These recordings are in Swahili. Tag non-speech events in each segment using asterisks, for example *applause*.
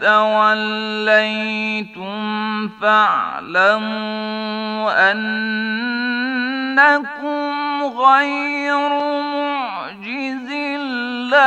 توليتم فاعلموا أنكم غير معجز الله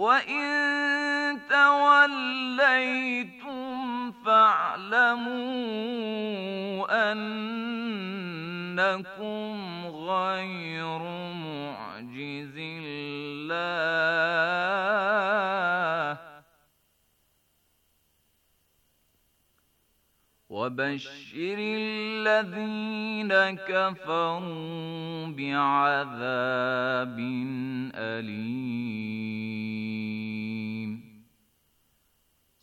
وإن توليتم فاعلموا أنكم غير الله وبشر الذين كفروا بعذاب أليم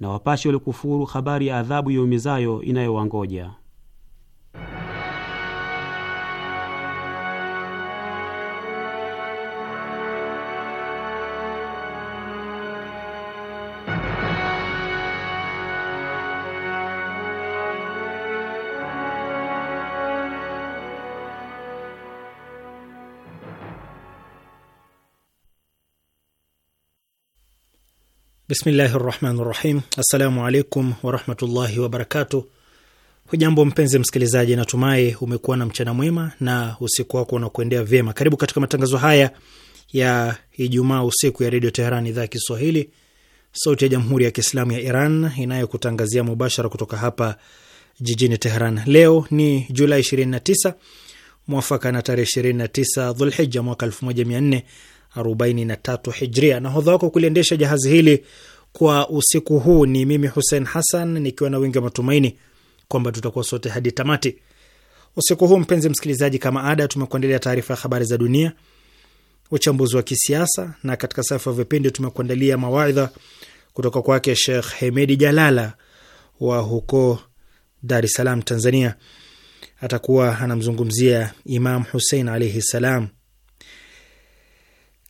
na wapashe walikufuru habari ya adhabu yaumizayo inayowangoja. Bismillahi rahmani rahim. Assalamu alaikum warahmatullahi wabarakatu. Hujambo mpenzi msikilizaji, natumai umekuwa na mchana mwema na usiku wako unakuendea vyema. Karibu katika matangazo haya ya Ijumaa usiku ya Redio Teheran, idhaa ya Kiswahili, sauti ya Jamhuri ya Kiislamu ya Iran inayokutangazia mubashara kutoka hapa jijini Teheran. Leo ni Julai 29 mwafaka na tarehe 29 Dhulhija mwaka 43 Hijria. Nahodha wako kuliendesha jahazi hili kwa usiku huu ni mimi Hussein Hassan, nikiwa na wingi wa matumaini kwamba tutakuwa sote hadi tamati usiku huu. Mpenzi msikilizaji, kama ada, tumekuandalia taarifa ya habari za dunia, uchambuzi wa kisiasa, na katika safu ya vipindi tumekuandalia mawaidha kutoka kwake Sheikh Hemedi Jalala wa huko Dar es Salaam, Tanzania. Atakuwa anamzungumzia Imam Hussein alaihi salam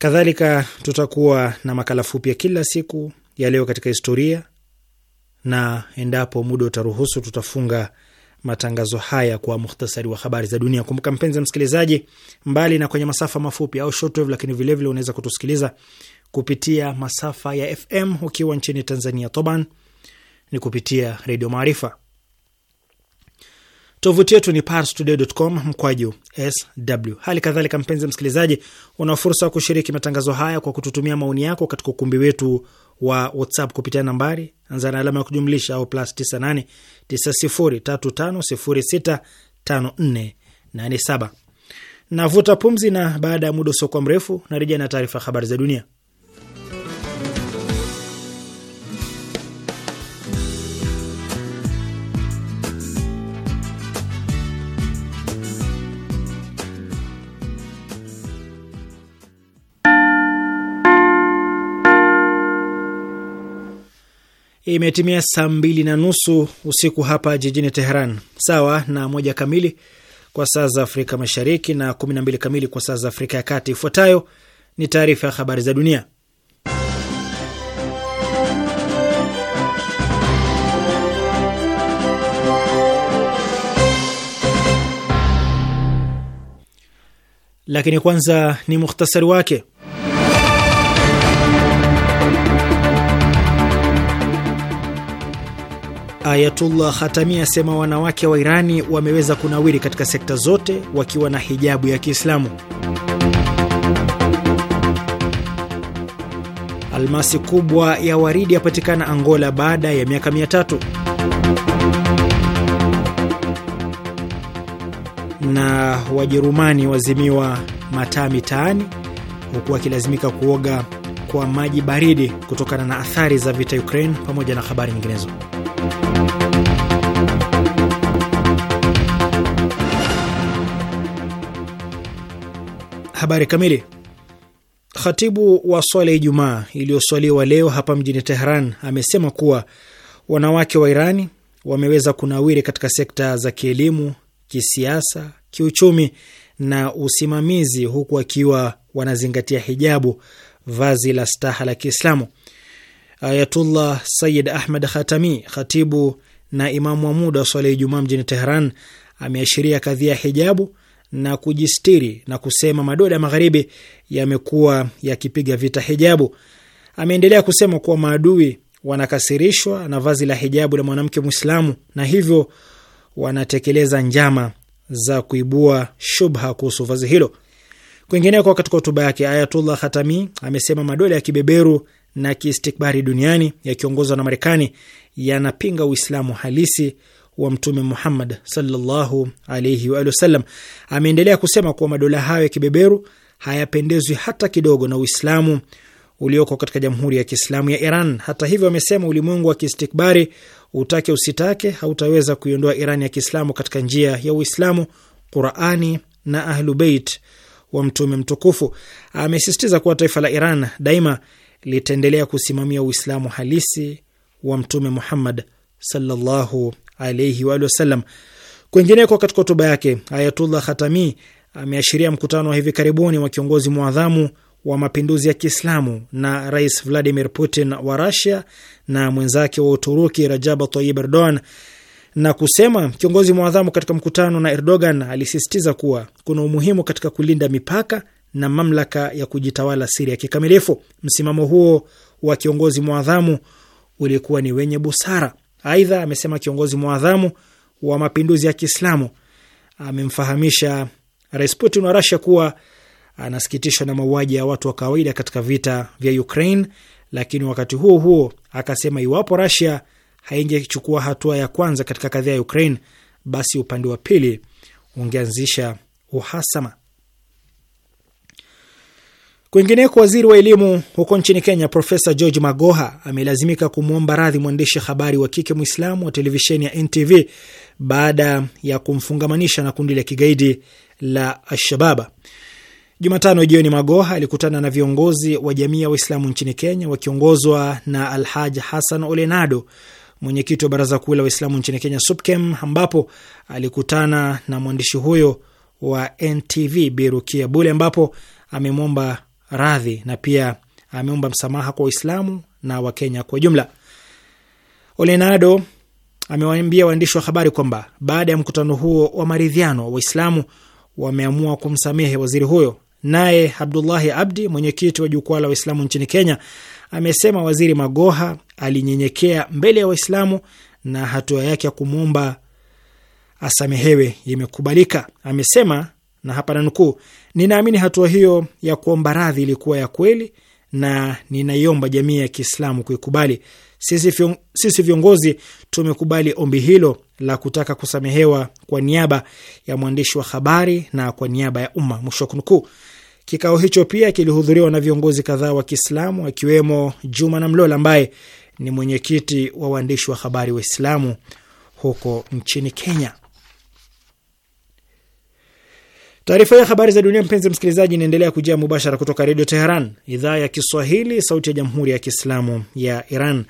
Kadhalika tutakuwa na makala fupi ya kila siku ya leo katika historia, na endapo muda utaruhusu, tutafunga matangazo haya kwa muhtasari wa habari za dunia. Kumbuka mpenzi msikilizaji, mbali na kwenye masafa mafupi au shortwave, lakini vilevile unaweza kutusikiliza kupitia masafa ya FM ukiwa nchini Tanzania, toban ni kupitia Redio Maarifa. Tovuti yetu ni parstoday.com mkwaju sw. Hali kadhalika, mpenzi msikilizaji, una fursa ya kushiriki matangazo haya kwa kututumia maoni yako katika ukumbi wetu wa WhatsApp kupitia nambari anza na alama ya kujumlisha au plus 98 9035065487. Navuta pumzi, na baada ya muda usiokuwa mrefu narejea na taarifa ya habari za dunia. Imetimia saa mbili na nusu usiku hapa jijini Teheran, sawa na moja kamili kwa saa za Afrika Mashariki na kumi na mbili kamili kwa saa za Afrika ya Kati. Ifuatayo ni taarifa ya habari za dunia, lakini kwanza ni muhtasari wake. Ayatullah Khatami asema wanawake wa Irani wameweza kunawiri katika sekta zote wakiwa na hijabu ya Kiislamu. Almasi kubwa ya waridi yapatikana Angola baada ya miaka mia tatu. Na Wajerumani wazimiwa mataa mitaani huku wakilazimika kuoga kwa maji baridi kutokana na athari za vita Ukraine, pamoja na habari nyinginezo. Habari kamili. Khatibu wa swala ya Ijumaa iliyoswaliwa leo hapa mjini Tehran amesema kuwa wanawake wa Irani wameweza kunawiri katika sekta za kielimu, kisiasa, kiuchumi na usimamizi, huku akiwa wanazingatia hijabu, vazi la staha la Kiislamu. Ayatullah Sayid Ahmad Khatami, khatibu na imamu wa muda wa swala ya Ijumaa mjini teheran ameashiria kadhia hijabu na kujistiri na kusema madola ya magharibi yamekuwa yakipiga vita hijabu. Ameendelea kusema kuwa maadui wanakasirishwa na vazi la hijabu la mwanamke Mwislamu na hivyo wanatekeleza njama za kuibua shubha kuhusu vazi hilo. Kwingineko, katika hotuba yake, Ayatullah Khatami amesema madola ya kibeberu na kiistikbari duniani yakiongozwa na Marekani yanapinga Uislamu halisi wa Mtume Muhammad sallallahu alaihi wa sallam. Ameendelea kusema kuwa madola hayo ya kibeberu hayapendezwi hata kidogo na Uislamu ulioko katika Jamhuri ya Kiislamu ya Iran. Hata hivyo, amesema ulimwengu wa kiistikbari, utake usitake, hautaweza kuiondoa Iran ya Kiislamu katika njia ya Uislamu, Qurani na Ahlubeit wa Mtume mtukufu. Amesisitiza kuwa taifa la Iran daima litaendelea kusimamia Uislamu halisi wa Mtume Muhammad sallallahu alaihi waalihi wasallam. Kwingineko katika hotuba yake, Ayatullah Khatami ameashiria mkutano wa hivi karibuni wa kiongozi mwadhamu wa mapinduzi ya Kiislamu na Rais Vladimir Putin wa rasia na mwenzake wa Uturuki Rajab tayib Erdogan na kusema kiongozi mwadhamu katika mkutano na Erdogan alisisitiza kuwa kuna umuhimu katika kulinda mipaka na mamlaka ya kujitawala Siria kikamilifu. Msimamo huo wa kiongozi mwadhamu ulikuwa ni wenye busara. Aidha amesema kiongozi mwadhamu wa mapinduzi ya Kiislamu amemfahamisha Rais Putin wa rasia kuwa anasikitishwa na mauaji ya watu wa kawaida katika vita vya Ukraine, lakini wakati huo huo akasema iwapo Russia haingechukua hatua ya kwanza katika kadhia ya Ukraine, basi upande wa pili ungeanzisha uhasama. Kwingineko, waziri wa elimu huko nchini Kenya Profesa George Magoha amelazimika kumwomba radhi mwandishi habari wa kike Mwislamu wa televisheni ya NTV baada ya kumfungamanisha na kundi la kigaidi la alshabab Jumatano jioni, Magoha alikutana na viongozi wa jamii ya Waislamu nchini Kenya wakiongozwa na Alhaj Hassan Olenado, mwenyekiti wa baraza kuu la Waislamu nchini Kenya, SUPKEM, ambapo alikutana na mwandishi huyo wa NTV Birukia Bule, ambapo amemwomba radhi na pia ameomba msamaha kwa Waislamu na Wakenya kwa jumla. Olenado amewaambia waandishi wa habari kwamba baada ya mkutano huo wa maridhiano, Waislamu wameamua kumsamehe waziri huyo. Naye Abdullahi Abdi, mwenyekiti wa jukwaa la Waislamu nchini Kenya, amesema Waziri Magoha alinyenyekea mbele ya Waislamu na hatua yake ya kumwomba asamehewe imekubalika. Amesema na hapa nanukuu, ninaamini hatua hiyo ya kuomba radhi ilikuwa ya kweli na ninaiomba jamii ya Kiislamu kuikubali. Sisi viongozi tumekubali ombi hilo la kutaka kusamehewa kwa niaba ya mwandishi wa habari na kwa niaba ya umma, mwisho wa kunukuu. Kikao hicho pia kilihudhuriwa na viongozi kadhaa wa Kiislamu akiwemo Juma na mlola ambaye ni mwenyekiti wa waandishi wa habari Waislamu huko nchini Kenya. Taarifa ya habari za dunia, mpenzi msikilizaji, inaendelea kujia mubashara kutoka Redio Teheran, idhaa ya Kiswahili, sauti ya jamhuri ya kiislamu ya Iran.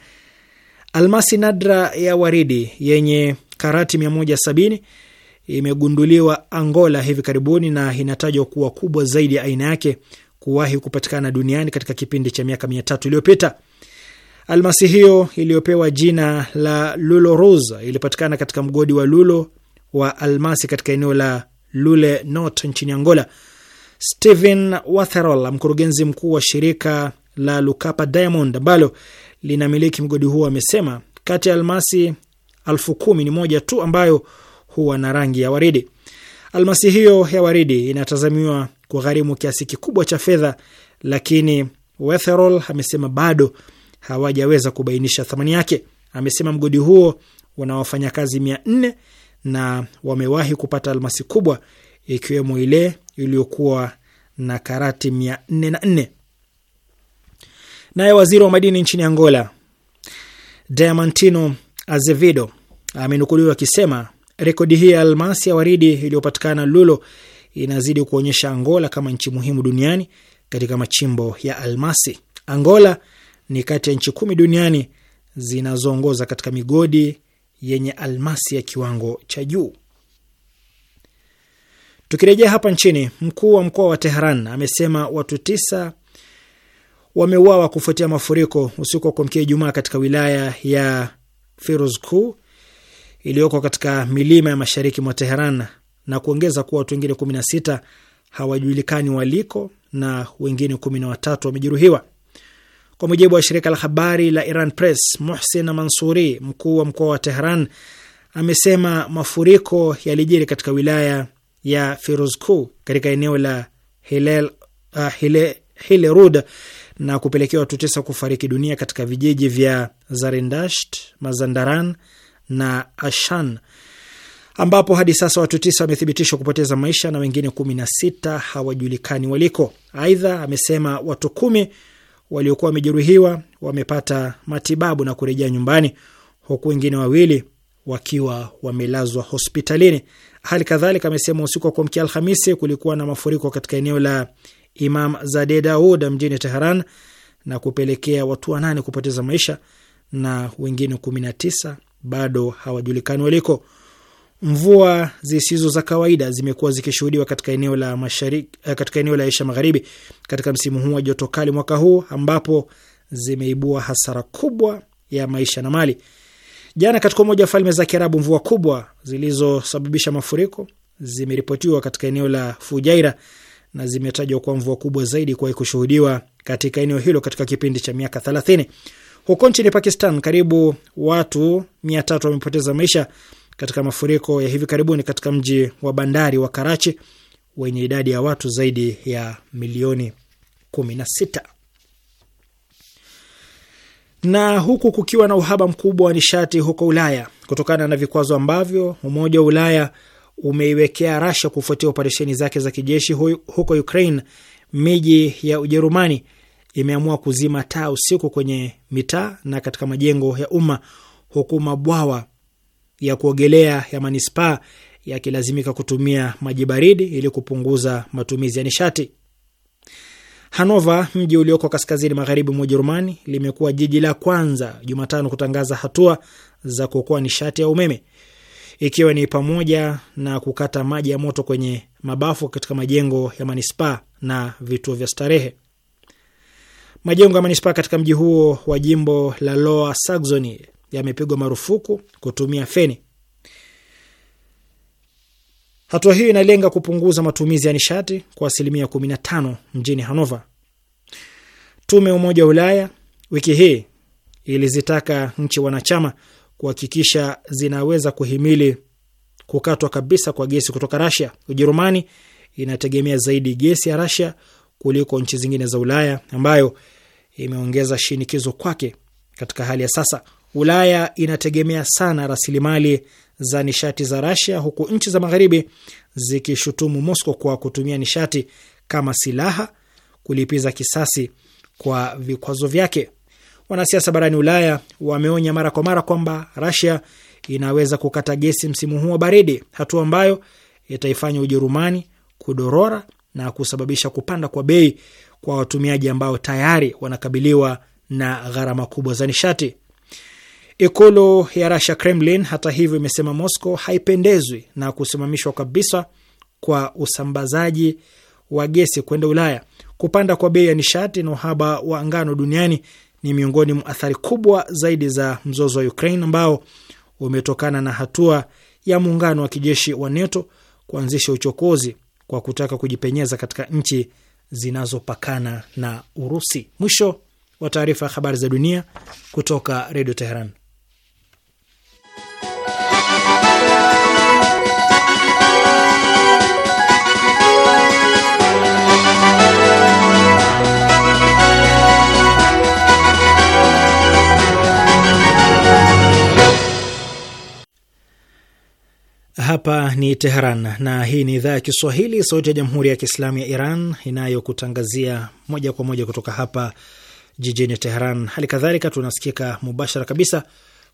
Almasi nadra ya waridi yenye karati 170 imegunduliwa Angola hivi karibuni na inatajwa kuwa kubwa zaidi ya aina yake kuwahi kupatikana duniani katika kipindi cha miaka tatu iliyopita. Almasi hiyo iliyopewa jina la Lulo Rose ilipatikana katika mgodi wa Lulo wa almasi katika eneo la Lule Not nchini Angola. Stephen Watherola, mkurugenzi mkuu wa shirika la Lukapa Diamond ambalo linamiliki mgodi huo, amesema kati ya almasi elfu kumi ni moja tu ambayo huwa na rangi ya waridi. Almasi hiyo ya waridi inatazamiwa kugharimu kiasi kikubwa cha fedha, lakini Wetherol amesema bado hawajaweza kubainisha thamani yake. Amesema mgodi huo una wafanyakazi mia nne na wamewahi kupata almasi kubwa ikiwemo ile iliyokuwa na karati mia nne na nne. Naye waziri wa madini nchini Angola Diamantino Azevedo amenukuliwa akisema rekodi hii ya almasi ya waridi iliyopatikana Lulo inazidi kuonyesha Angola kama nchi muhimu duniani katika machimbo ya almasi. Angola ni kati ya nchi kumi duniani zinazoongoza katika migodi yenye almasi ya kiwango cha juu. Tukirejea hapa nchini, mkuu wa mkoa wa teheran amesema watu tisa wameuawa kufuatia mafuriko usiku wa kuamkia Ijumaa katika wilaya ya Firuzku iliyoko katika milima ya mashariki mwa Teheran na kuongeza kuwa watu wengine kumi na sita hawajulikani waliko na wengine kumi na watatu wamejeruhiwa. Kwa mujibu wa shirika la habari la Iran Press, Muhsin Mansuri, mkuu wa mkoa wa Tehran, amesema mafuriko yalijiri katika wilaya ya firuzku katika eneo la Hilel, uh, Hile, Hilerud na kupelekea watu tisa kufariki dunia katika vijiji vya Zarindasht, Mazandaran na Ashan ambapo hadi sasa watu tisa wamethibitishwa kupoteza maisha na wengine kumi na sita hawajulikani waliko. Aidha amesema watu kumi waliokuwa wamejeruhiwa wamepata matibabu na kurejea nyumbani, huku wengine wawili wakiwa wamelazwa hospitalini. Hali kadhalika amesema usiku wa kuamkia Alhamisi kulikuwa na mafuriko katika eneo la Imam Zade Daud mjini Teheran na kupelekea watu wanane kupoteza maisha na wengine kumi na tisa bado hawajulikani waliko. Mvua zisizo za kawaida zimekuwa zikishuhudiwa katika eneo la mashariki, eh, katika eneo la Asia Magharibi katika msimu huu wa joto kali mwaka huu, ambapo zimeibua hasara kubwa ya maisha na mali. Jana katika Umoja wa Falme za Kiarabu, mvua kubwa zilizosababisha mafuriko zimeripotiwa katika eneo la Fujaira na zimetajwa kuwa mvua kubwa zaidi kuwahi kushuhudiwa katika eneo hilo katika kipindi cha miaka 30. Huko nchini Pakistan, karibu watu 300 wamepoteza maisha katika mafuriko ya hivi karibuni katika mji wa bandari wa Karachi wenye idadi ya watu zaidi ya milioni 16. Na huku kukiwa na uhaba mkubwa wa nishati huko Ulaya kutokana na vikwazo ambavyo Umoja wa Ulaya umeiwekea Rasha kufuatia operesheni zake za kijeshi huko Ukraine, miji ya Ujerumani imeamua kuzima taa usiku kwenye mitaa na katika majengo ya umma huku mabwawa ya kuogelea ya manispaa yakilazimika kutumia maji baridi ili kupunguza matumizi ya nishati. Hanova, mji ulioko kaskazini magharibi mwa Ujerumani, limekuwa jiji la kwanza Jumatano kutangaza hatua za kuokoa nishati ya umeme, ikiwa ni pamoja na kukata maji ya moto kwenye mabafu katika majengo ya manispaa na vituo vya starehe. Majengo ya manispaa katika mji huo wa jimbo la Lower Saxony yamepigwa marufuku kutumia feni. Hatua hiyo inalenga kupunguza matumizi ya nishati kwa asilimia 15 mjini Hanova. Tume ya Umoja wa Ulaya wiki hii ilizitaka nchi wanachama kuhakikisha zinaweza kuhimili kukatwa kabisa kwa gesi kutoka Rasia. Ujerumani inategemea zaidi gesi ya Rasia kuliko nchi zingine za Ulaya, ambayo imeongeza shinikizo kwake katika hali ya sasa. Ulaya inategemea sana rasilimali za nishati za Rasia, huku nchi za magharibi zikishutumu Mosco kwa kutumia nishati kama silaha kulipiza kisasi kwa vikwazo vyake. Wanasiasa barani Ulaya wameonya mara kwa mara kwamba Rasia inaweza kukata gesi msimu huu wa baridi, hatua ambayo itaifanya Ujerumani kudorora na kusababisha kupanda kwa bei kwa watumiaji ambao tayari wanakabiliwa na gharama kubwa za nishati. Ikulu ya Rasha, Kremlin, hata hivyo, imesema Moscow haipendezwi na kusimamishwa kabisa kwa usambazaji wa gesi kwenda Ulaya. Kupanda kwa bei ya nishati na uhaba wa ngano duniani ni miongoni mwa athari kubwa zaidi za mzozo wa Ukraine ambao umetokana na hatua ya muungano wa kijeshi wa NATO kuanzisha uchokozi kwa kutaka kujipenyeza katika nchi zinazopakana na Urusi. Mwisho wa taarifa ya habari za dunia kutoka Redio Teheran. Hapa ni Teheran na hii ni idhaa ya Kiswahili, sauti ya jamhuri ya kiislamu ya Iran inayokutangazia moja kwa moja kutoka hapa jijini Teheran. Hali kadhalika tunasikika mubashara kabisa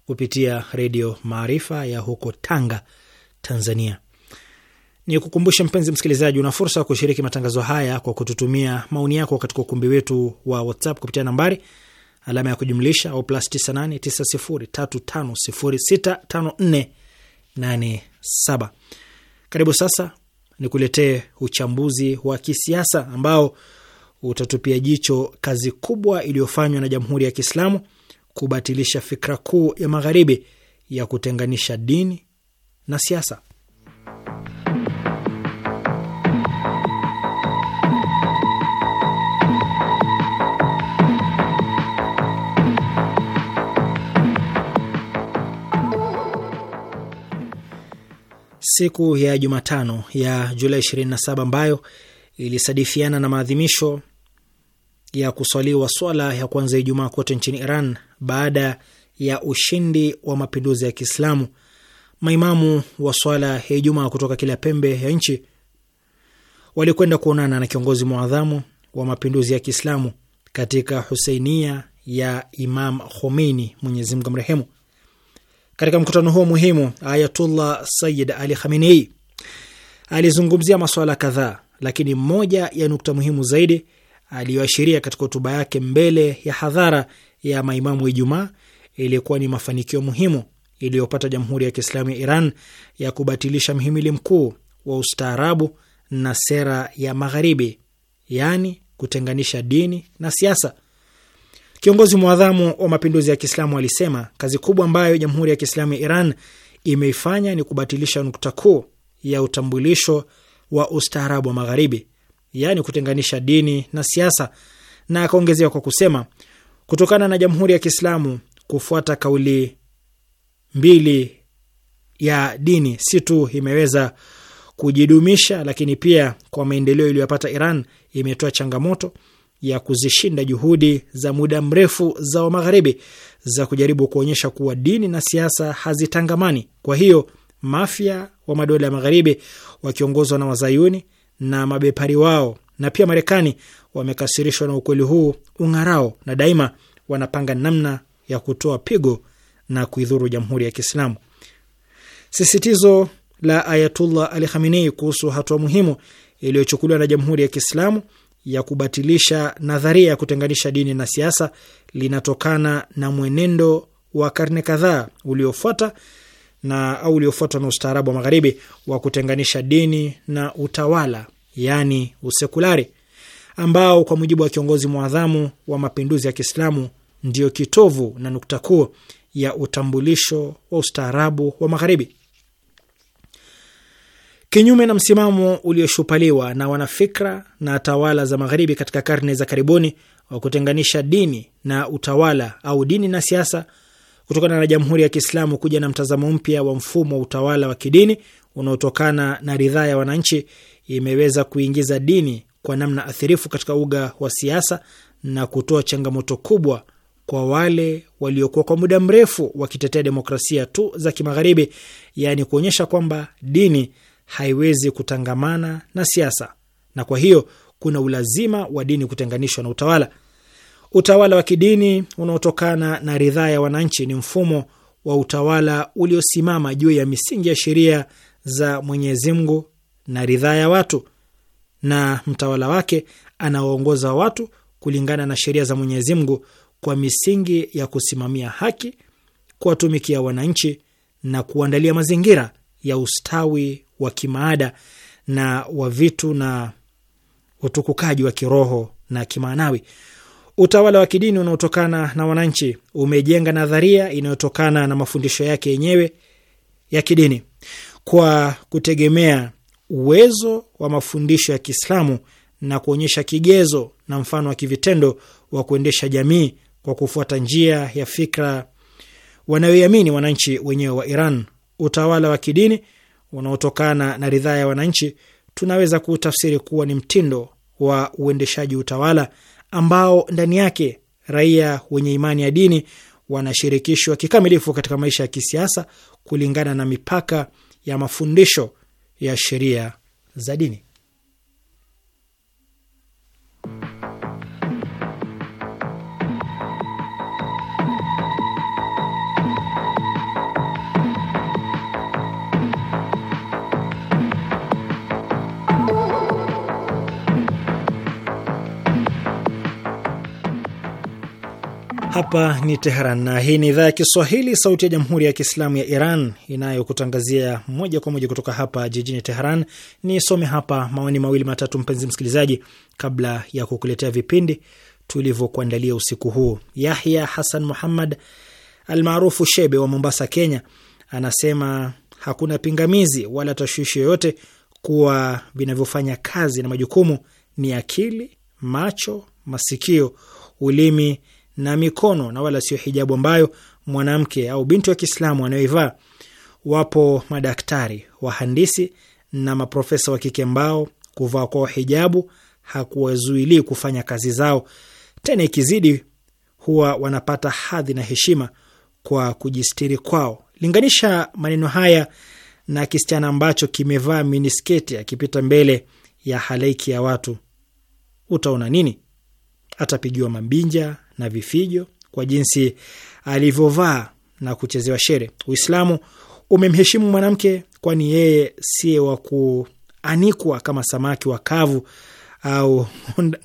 kupitia Redio Maarifa ya huko Tanga, Tanzania. Ni kukumbusha mpenzi msikilizaji, una fursa ya kushiriki matangazo haya kwa kututumia maoni yako katika ukumbi wetu wa WhatsApp kupitia nambari alama ya kujumlisha au plus 98 8 saba. Karibu sasa ni kuletee uchambuzi wa kisiasa ambao utatupia jicho kazi kubwa iliyofanywa na Jamhuri ya Kiislamu kubatilisha fikra kuu ya Magharibi ya kutenganisha dini na siasa. siku ya Jumatano ya Julai 27 ambayo ilisadifiana na maadhimisho ya kuswaliwa swala ya kwanza Ijumaa kote nchini Iran baada ya ushindi wa mapinduzi ya Kiislamu. Maimamu wa swala ya Ijumaa kutoka kila pembe ya nchi walikwenda kuonana na kiongozi mwadhamu wa mapinduzi ya Kiislamu katika huseinia ya Imam Khomeini, Mwenyezi Mungu amrehemu. Katika mkutano huo muhimu, Ayatullah Sayyid Ali Khamenei alizungumzia masuala kadhaa, lakini moja ya nukta muhimu zaidi aliyoashiria katika hotuba yake mbele ya hadhara ya maimamu Ijumaa ilikuwa ni mafanikio muhimu iliyopata Jamhuri ya Kiislamu ya Iran ya kubatilisha mhimili mkuu wa ustaarabu na sera ya Magharibi, yaani kutenganisha dini na siasa. Kiongozi mwadhamu wa mapinduzi ya Kiislamu alisema kazi kubwa ambayo Jamhuri ya Kiislamu ya Iran imeifanya ni kubatilisha nukta kuu ya utambulisho wa ustaarabu wa Magharibi, yaani kutenganisha dini na siasa, na akaongezea kwa kusema, kutokana na Jamhuri ya Kiislamu kufuata kauli mbili ya dini, si tu imeweza kujidumisha, lakini pia kwa maendeleo iliyopata Iran imetoa changamoto ya kuzishinda juhudi za muda mrefu za wa Magharibi za kujaribu kuonyesha kuwa dini na siasa hazitangamani. Kwa hiyo mafya wa madola ya Magharibi wakiongozwa na Wazayuni na mabepari wao na pia Marekani wamekasirishwa na ukweli huu ung'arao, na daima wanapanga namna ya kutoa pigo na kuidhuru Jamhuri ya Kiislamu. Sisitizo la Ayatullah Ali Khamenei kuhusu hatua muhimu iliyochukuliwa na Jamhuri ya Kiislamu ya kubatilisha nadharia ya kutenganisha dini na siasa linatokana na mwenendo wa karne kadhaa uliofuata na au uliofuatwa na ustaarabu wa Magharibi wa kutenganisha dini na utawala, yaani usekulari, ambao kwa mujibu wa kiongozi mwadhamu wa mapinduzi ya Kiislamu ndiyo kitovu na nukta kuu ya utambulisho wa ustaarabu wa Magharibi. Kinyume na msimamo ulioshupaliwa na wanafikra na tawala za Magharibi katika karne za karibuni wa kutenganisha dini na utawala au dini na siasa, kutokana na Jamhuri ya Kiislamu kuja na mtazamo mpya wa mfumo wa utawala wa kidini unaotokana na ridhaa ya wananchi, imeweza kuingiza dini kwa namna athirifu katika uga wa siasa na kutoa changamoto kubwa kwa wale waliokuwa kwa muda mrefu wakitetea demokrasia tu za Kimagharibi, yaani kuonyesha kwamba dini haiwezi kutangamana na siasa, na kwa hiyo kuna ulazima wa dini kutenganishwa na utawala. Utawala wa kidini unaotokana na ridhaa ya wananchi ni mfumo wa utawala uliosimama juu ya misingi ya sheria za Mwenyezi Mungu na ridhaa ya watu, na mtawala wake anawaongoza watu kulingana na sheria za Mwenyezi Mungu kwa misingi ya kusimamia haki, kuwatumikia wananchi na kuandalia mazingira ya ustawi wa kimaada na wa vitu na utukukaji wa kiroho na kimaanawi. Utawala wa kidini unaotokana na wananchi umejenga nadharia inayotokana na mafundisho yake yenyewe ya kidini kwa kutegemea uwezo wa mafundisho ya Kiislamu na kuonyesha kigezo na mfano wa kivitendo wa kuendesha jamii kwa kufuata njia ya fikra wanayoiamini wananchi wenyewe wa Iran. Utawala wa kidini unaotokana na ridhaa ya wananchi tunaweza kuutafsiri kuwa ni mtindo wa uendeshaji utawala ambao ndani yake raia wenye imani ya dini wanashirikishwa kikamilifu katika maisha ya kisiasa kulingana na mipaka ya mafundisho ya sheria za dini. Hapa ni Teheran na hii ni idhaa ya Kiswahili, sauti ya jamhuri ya kiislamu ya Iran inayokutangazia moja kwa moja kutoka hapa jijini Teheran. Nisome hapa maoni mawili matatu, mpenzi msikilizaji, kabla ya kukuletea vipindi tulivyokuandalia usiku huu. Yahya Hasan Muhammad almaarufu Shebe wa Mombasa, Kenya, anasema hakuna pingamizi wala tashwishi yoyote kuwa vinavyofanya kazi na majukumu ni akili, macho, masikio, ulimi na mikono na wala sio hijabu ambayo mwanamke au binti wa Kiislamu anayoivaa. Wapo madaktari, wahandisi na maprofesa wa kike ambao kuvaa kwao hijabu hakuwazuilii kufanya kazi zao, tena ikizidi huwa wanapata hadhi na heshima kwa kujistiri kwao. Linganisha maneno haya na kisichana ambacho kimevaa minisketi akipita mbele ya halaiki ya watu, utaona nini? Atapigiwa mabinja, na vifijo kwa jinsi alivyovaa na kuchezewa shere. Uislamu umemheshimu mwanamke, kwani yeye siye wa kuanikwa kama samaki wa kavu au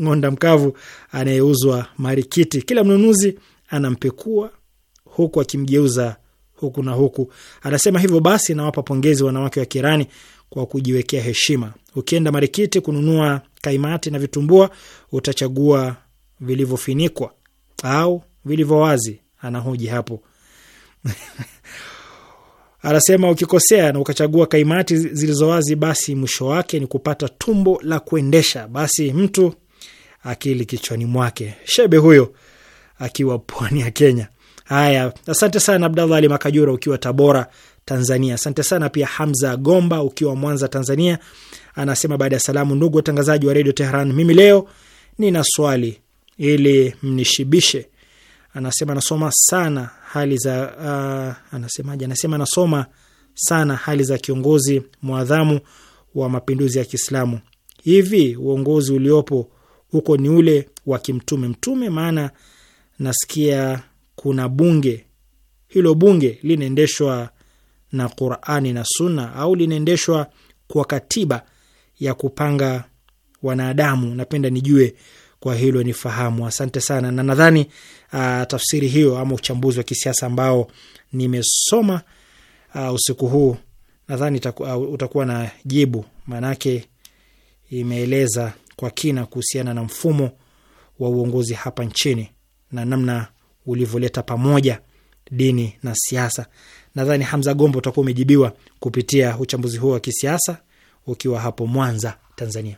ng'onda mkavu anayeuzwa marikiti. Kila mnunuzi anampekua huku akimgeuza huku na huku. Anasema hivyo basi, nawapa pongezi wanawake wa Kirani kwa kujiwekea heshima. Ukienda marikiti kununua kaimati na vitumbua, utachagua vilivyofinikwa au vilivyo wazi, anahoji hapo. *laughs* Anasema ukikosea na ukachagua kaimati zilizo wazi, basi mwisho wake ni kupata tumbo la kuendesha, basi mtu akili kichwani mwake. Shebe huyo akiwa pwani ya Kenya. Haya, asante sana Abdallah Ali Makajura ukiwa Tabora, Tanzania. Asante sana pia Hamza Gomba ukiwa Mwanza, Tanzania. Anasema baada ya salamu, ndugu watangazaji wa redio Tehran, mimi leo nina swali ili mnishibishe. Anasema anasoma sana hali za uh, anasemaje? Anasema anasoma sana hali za kiongozi mwadhamu wa mapinduzi ya Kiislamu. Hivi uongozi uliopo huko ni ule wa kimtume mtume? Maana nasikia kuna bunge, hilo bunge linaendeshwa na Qurani na Sunna au linaendeshwa kwa katiba ya kupanga wanadamu? Napenda nijue kwa hilo ni fahamu Asante sana, na nadhani uh, tafsiri hiyo ama uchambuzi wa kisiasa ambao nimesoma uh, usiku huu nadhani uh, utakuwa na jibu, maanake imeeleza kwa kina kuhusiana na mfumo wa uongozi hapa nchini na namna ulivyoleta pamoja dini na siasa. Nadhani Hamza Gombo utakuwa umejibiwa kupitia uchambuzi huo wa kisiasa ukiwa hapo Mwanza, Tanzania.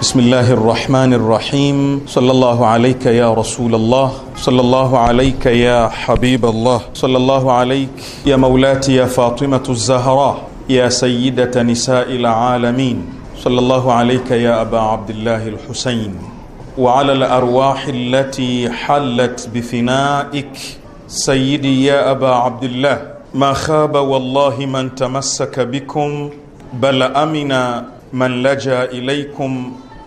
بسم الله الرحمن الرحيم صلى الله عليك يا رسول الله صلى الله عليك يا حبيب الله صلى الله عليك يا مولاتي يا فاطمه الزهراء يا سيده نساء العالمين صلى الله عليك يا ابا عبد الله الحسين وعلى الارواح التي حلت بفنائك سيدي يا ابا عبد الله ما خاب والله من تمسك بكم بل امن من لجا اليكم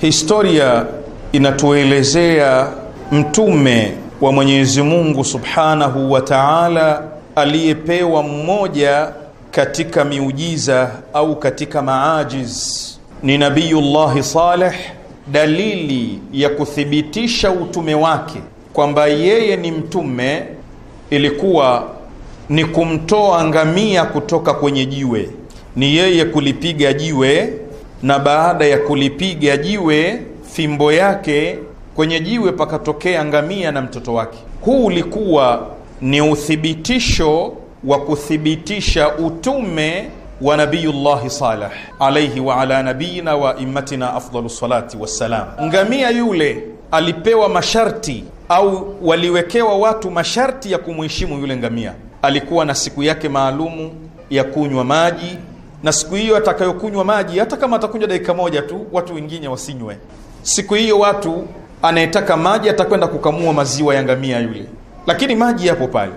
Historia inatuelezea mtume wa Mwenyezi Mungu Subhanahu wa Ta'ala aliyepewa mmoja katika miujiza au katika maajiz ni Nabiyullahi Saleh. Dalili ya kuthibitisha utume wake kwamba yeye ni mtume ilikuwa ni kumtoa ngamia kutoka kwenye jiwe, ni yeye kulipiga jiwe na baada ya kulipiga jiwe fimbo yake kwenye jiwe pakatokea ngamia na mtoto wake. Huu ulikuwa ni uthibitisho wa kuthibitisha utume wa Nabiyullahi Saleh alaihi wa ala nabiyina wa immatina afdalu salati wassalam. Ngamia yule alipewa masharti au waliwekewa watu masharti ya kumuheshimu yule ngamia. Alikuwa na siku yake maalumu ya kunywa maji na siku hiyo atakayokunywa maji, hata kama atakunywa dakika moja tu, watu wengine wasinywe siku hiyo. Watu anayetaka maji atakwenda kukamua maziwa ya ngamia yule, lakini maji yapo pale.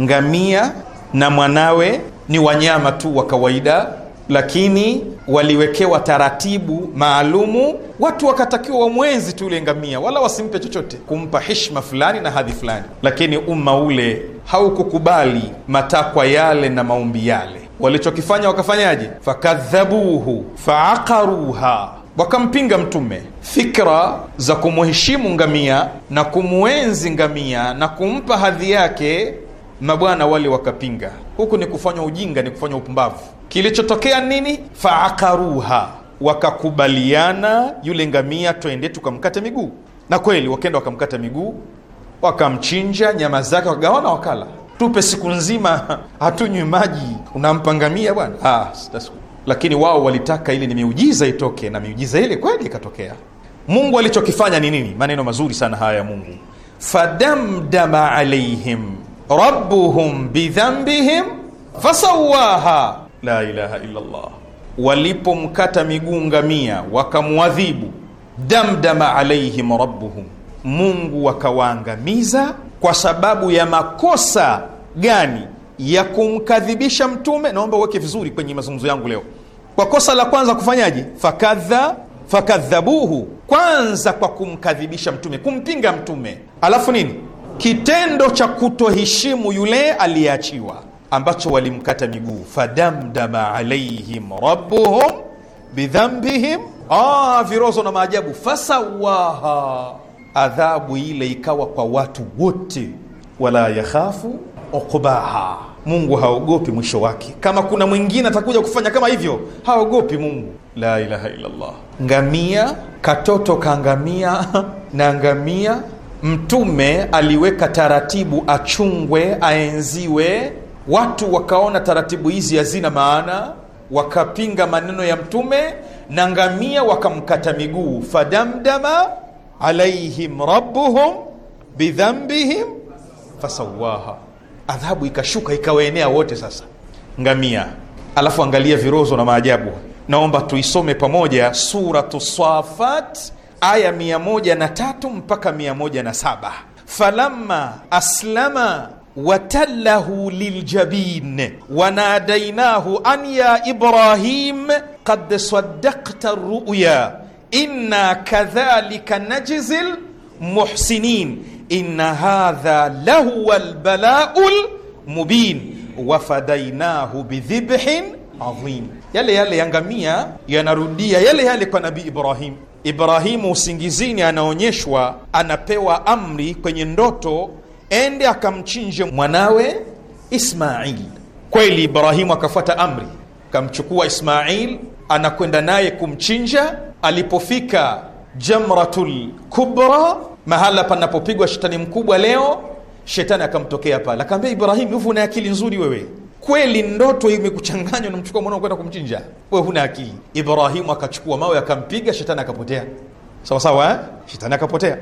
Ngamia na mwanawe ni wanyama tu wa kawaida, lakini waliwekewa taratibu maalumu. Watu wakatakiwa wamwenzi tu ule ngamia, wala wasimpe chochote, kumpa heshima fulani na hadhi fulani, lakini umma ule haukukubali matakwa yale na maombi yale walichokifanya wakafanyaje? Fakadhabuhu faaqaruha, wakampinga Mtume. Fikra za kumuheshimu ngamia na kumuenzi ngamia na kumpa hadhi yake, mabwana wale wakapinga. Huku ni kufanywa ujinga, ni kufanywa upumbavu. Kilichotokea nini? Faaqaruha, wakakubaliana yule ngamia, twende tukamkate miguu. Na kweli wakenda wakamkata miguu, wakamchinja, nyama zake wakagawana, wakala tupe siku nzima hatunywi maji, unampangamia bwana? Ah, lakini wao walitaka ile ni miujiza itoke, na miujiza ile kweli ikatokea. Mungu alichokifanya ni nini? Maneno mazuri sana haya ya Mungu, fadamdama alaihim rabbuhum bidhambihim fasawaha la ilaha illallah. Walipomkata miguu ngamia wakamwadhibu, damdama alaihim rabbuhum, Mungu wakawaangamiza kwa sababu ya makosa gani ya kumkadhibisha Mtume? Naomba uweke vizuri kwenye mazungumzo yangu leo. Kwa kosa la kwanza kufanyaje? fakadha fakadhabuhu, kwanza kwa kumkadhibisha Mtume, kumpinga Mtume, alafu nini? Kitendo cha kutoheshimu yule aliyeachiwa ambacho walimkata miguu. fadamdama alaihim rabbuhum bidhambihim, ah, virozo na maajabu. fasawaha adhabu ile ikawa kwa watu wote, wala yakhafu ukubaha Mungu haogopi mwisho wake. Kama kuna mwingine atakuja kufanya kama hivyo, haogopi Mungu. La ilaha illallah. Ngamia, katoto kangamia *laughs* na ngamia. Mtume aliweka taratibu, achungwe, aenziwe. Watu wakaona taratibu hizi hazina maana, wakapinga maneno ya Mtume na ngamia wakamkata miguu, fadamdama alaihim rabbuhum bidhambihim fasawaha, adhabu ikashuka ikawaenea wote. Sasa ngamia, alafu angalia virozo na maajabu. Naomba tuisome pamoja Suratu safat aya mia moja na tatu mpaka mia moja na saba falamma aslama watallahu liljabin wanadainahu an ya Ibrahim kad sadakta ruya inna kadhalika najzil muhsinin inna hadha lahuwa albalaul mubin wafadainahu bidhibhin adhim. Yale yale yangamia yanarudia yale yale kwa Nabii Ibrahim. Ibrahimu usingizini, anaonyeshwa anapewa amri kwenye ndoto, ende akamchinje mwanawe Ismail. Kweli Ibrahimu akafuata amri, akamchukua Ismail, anakwenda naye kumchinja alipofika Jamratul Kubra, mahala panapopigwa shetani mkubwa leo, shetani akamtokea pale, akaambia Ibrahim, huvu una akili nzuri wewe kweli? Ndoto imekuchanganywa, namchukua mwanao kwenda kumchinja, we huna akili. Ibrahimu akachukua mawe akampiga, shetani akapotea. Sawa sawa, eh? Shetani akapotea,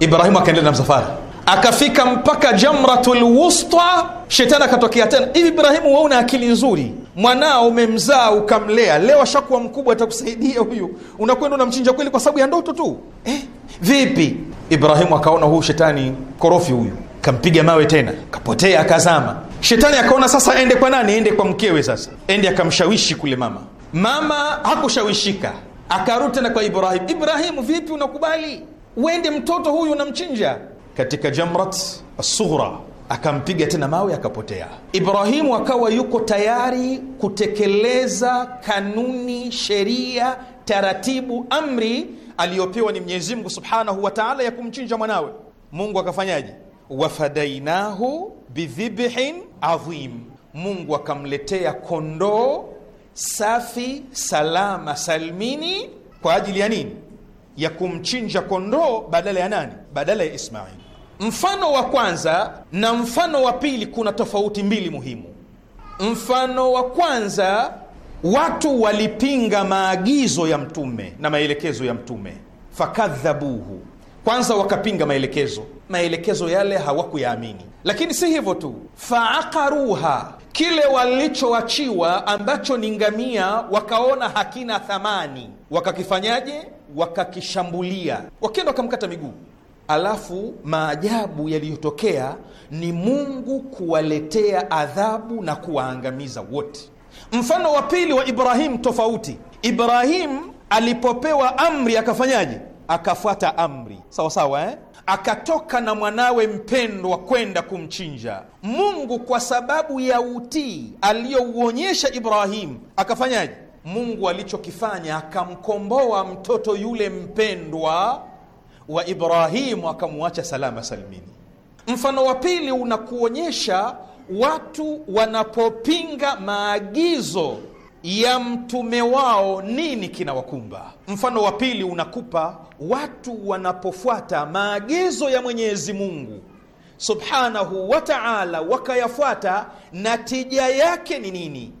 Ibrahimu akaendelea na msafara akafika mpaka jamratu lwusta shetani akatokea tena. Hivi Ibrahimu, wewe una akili nzuri, mwanao umemzaa ukamlea, leo ashakuwa mkubwa, atakusaidia huyu, unakwenda unamchinja kweli kwa sababu ya ndoto tu eh? Vipi? Ibrahimu akaona huyu shetani korofi huyu, kampiga mawe tena, kapotea, akazama. Shetani akaona sasa ende kwa nani? Ende kwa mkewe. Sasa ende akamshawishi kule mama. Mama hakushawishika, akarudi tena kwa Ibrahimu. Ibrahimu, vipi, unakubali uende mtoto huyu unamchinja? katika Jamrat Sughra akampiga tena mawe akapotea. Ibrahimu akawa yuko tayari kutekeleza kanuni, sheria, taratibu, amri aliyopewa ni Mwenyezi Mungu Subhanahu wa Ta'ala ya kumchinja mwanawe. Mungu akafanyaje? wafadainahu bidhibhin adhim, Mungu akamletea kondoo safi salama salmini. Kwa ajili ya nini? Ya kumchinja kondoo badala ya nani? Badala ya Ismail. Mfano wa kwanza na mfano wa pili kuna tofauti mbili muhimu. Mfano wa kwanza, watu walipinga maagizo ya Mtume na maelekezo ya Mtume, fakadhabuhu, kwanza wakapinga maelekezo, maelekezo yale hawakuyaamini. Lakini si hivyo tu, faakaruha, kile walichoachiwa ambacho ni ngamia, wakaona hakina thamani, wakakifanyaje? Wakakishambulia, wakienda wakamkata miguu alafu maajabu yaliyotokea ni Mungu kuwaletea adhabu na kuwaangamiza wote. Mfano wa pili wa Ibrahimu tofauti. Ibrahimu alipopewa amri akafanyaje? Akafuata amri sawa sawa, eh? Akatoka na mwanawe mpendwa kwenda kumchinja. Mungu kwa sababu ya utii aliyouonyesha Ibrahimu akafanyaje? Mungu alichokifanya akamkomboa mtoto yule mpendwa wa Ibrahimu akamwacha salama salimini. Mfano wa pili unakuonyesha watu wanapopinga maagizo ya mtume wao nini kinawakumba. Mfano wa pili unakupa watu wanapofuata maagizo ya Mwenyezi Mungu subhanahu wa taala, wakayafuata, natija yake ni nini?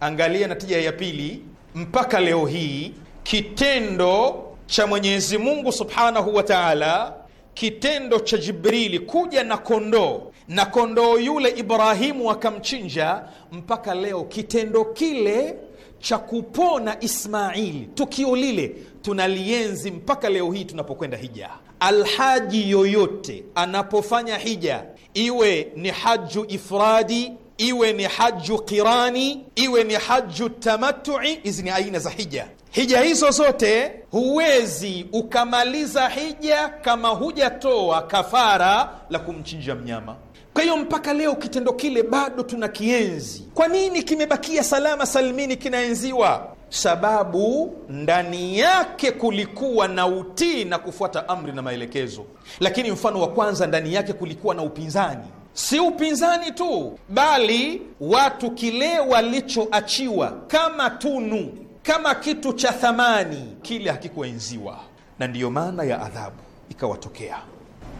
Angalia natija ya pili mpaka leo hii kitendo cha Mwenyezi Mungu subhanahu wa taala, kitendo cha Jibrili kuja na kondoo na kondoo yule Ibrahimu akamchinja, mpaka leo kitendo kile cha kupona Ismaili, tukio lile tunalienzi mpaka leo hii tunapokwenda hija. Alhaji yoyote anapofanya hija, iwe ni haju ifradi, iwe ni haju qirani, iwe ni haju tamatui, hizi ni aina za hija. Hija hizo zote huwezi ukamaliza hija kama hujatoa kafara la kumchinja mnyama. Kwa hiyo mpaka leo kitendo kile bado tuna kienzi Kwa nini kimebakia salama salimini kinaenziwa? Sababu ndani yake kulikuwa na utii na kufuata amri na maelekezo, lakini mfano wa kwanza, ndani yake kulikuwa na upinzani. Si upinzani tu, bali watu kile walichoachiwa kama tunu kama kitu cha thamani kile hakikuenziwa, na ndiyo maana ya adhabu ikawatokea.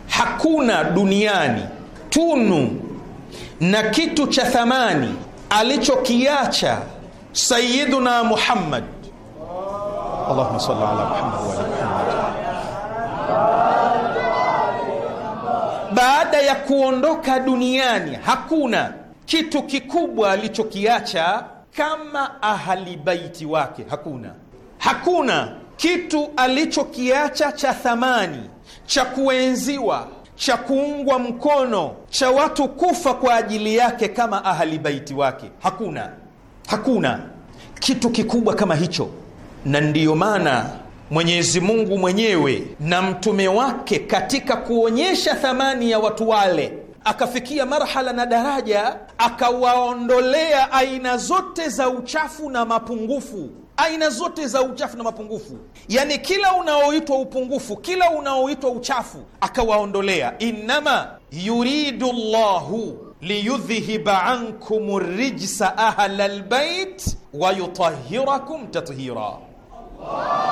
Hakuna duniani tunu na kitu cha thamani alichokiacha Sayiduna Muhammad, Allahumma salli ala Muhammad wa ala Muhammad, baada ya kuondoka duniani hakuna kitu kikubwa alichokiacha kama ahali baiti wake. Hakuna, hakuna kitu alichokiacha cha thamani, cha kuenziwa, cha kuungwa mkono, cha watu kufa kwa ajili yake kama ahali baiti wake. Hakuna, hakuna kitu kikubwa kama hicho, na ndiyo maana Mwenyezi Mungu mwenyewe na mtume wake katika kuonyesha thamani ya watu wale akafikia marhala na daraja akawaondolea aina zote za uchafu na mapungufu, aina zote za uchafu na mapungufu, yani kila unaoitwa upungufu, kila unaoitwa uchafu akawaondolea. Innama yuridu llahu liyudhhiba ankum rijsa ahla lbait wayutahirakum tathira Allah.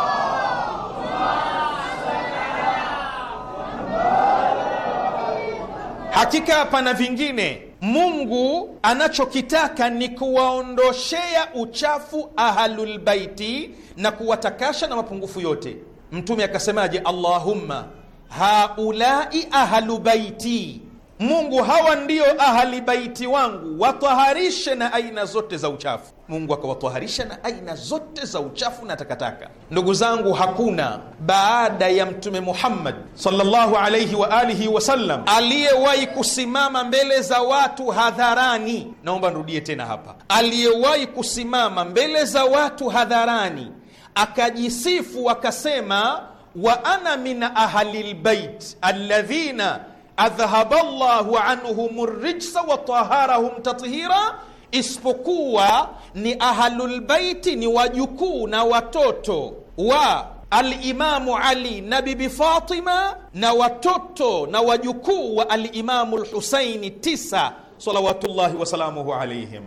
Hakika hapana vingine. Mungu anachokitaka ni kuwaondoshea uchafu ahlulbaiti na kuwatakasha na mapungufu yote. Mtume akasemaje? Allahumma haulai ahlu baiti Mungu, hawa ndio ahali baiti wangu, wataharishe na aina zote za uchafu. Mungu akawataharisha na aina zote za uchafu na takataka. Ndugu zangu, hakuna baada ya Mtume Muhammad sallallahu alaihi wa alihi wasallam aliyewahi kusimama mbele za watu hadharani, naomba nirudie tena hapa, aliyewahi kusimama mbele za watu hadharani akajisifu akasema, wa ana min ahli lbait alladhina adhhaba Allahu anhum rijsa wa taharahum tathira, isipokuwa ni ahlulbaiti ni wajukuu na watoto wa Alimamu Ali na Bibi Fatima na watoto na wajukuu wa Alimamu Lhusaini tisa salawatullahi wasalamuhu alaihim